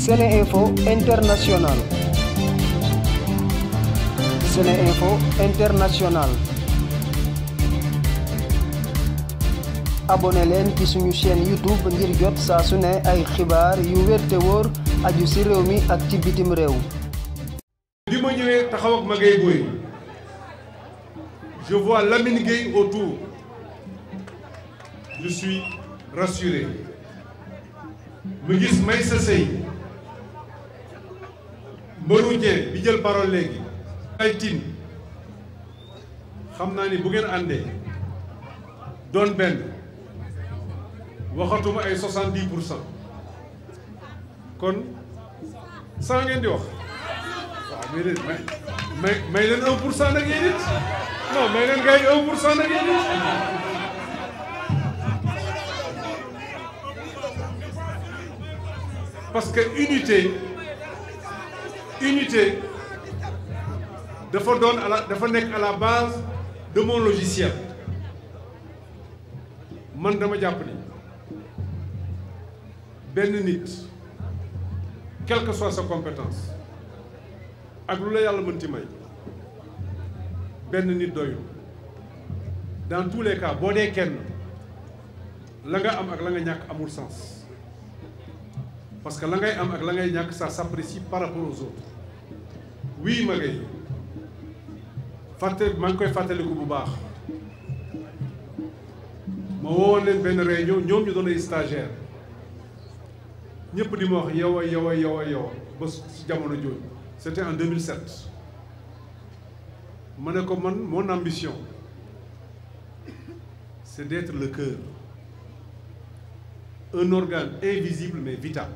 Sene Info International Sene leen ci suñu chaîne YouTube ngir jot saa su ne ay xibaar yu wér te aju ci réew mi ak ci bitim réew bi ma ñëwee taxaw ak Magaye Boye je vois Lamine Gueye autour je rassuré mu gis Maïssa Seye mbëru Dieng bi jël parole léegi ay tin xam naa ni bu ngeen àndee doon benn waxatuma ay soixante-dix pour cent kon saa ngeen di wax waaw mais leen may may leen un pour cent nag yéen it non may leen ngay un pour cent nag yéen it parce que unité unité dafa doon à dafa nekk à la base logiciel man dama jàpp ni benn nit quelle que soit sa compétence ak lu la yàlla mënti may benn nit doyul dans tous boo dee kenn la nga am ak la nga ñàkk amul sens parce que la ngay am ak la ngay ñàkk ça s'apprécie par rapport aux autres oui Magueye fàtte maa ngi koy fàttaliku bu baax ma woowoon leen benn réunion ñoom ñu doon ay stagiaire ñëpp di ma wax yow a yow a yow yow ba si jamono jooju c'était en 2007 ma ne ko man mon ambition c'est d'être le cœur un organe invisible mais vital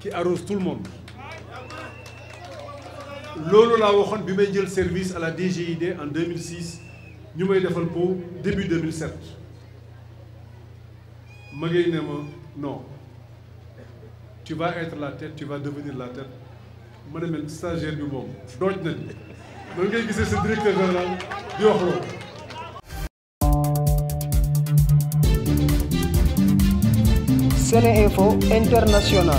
qui arrose tout le monde loolu laa waxoon bi may jël service à la DGID en 2006 ñu may defal po début 2007 ma ngay ne ma non tu vas être la tête tu vas devenir la tête ma ne mel stagiaire bi moom dooj na ni loolu ngay gisee sa directeur général di wax loolu Sene Info International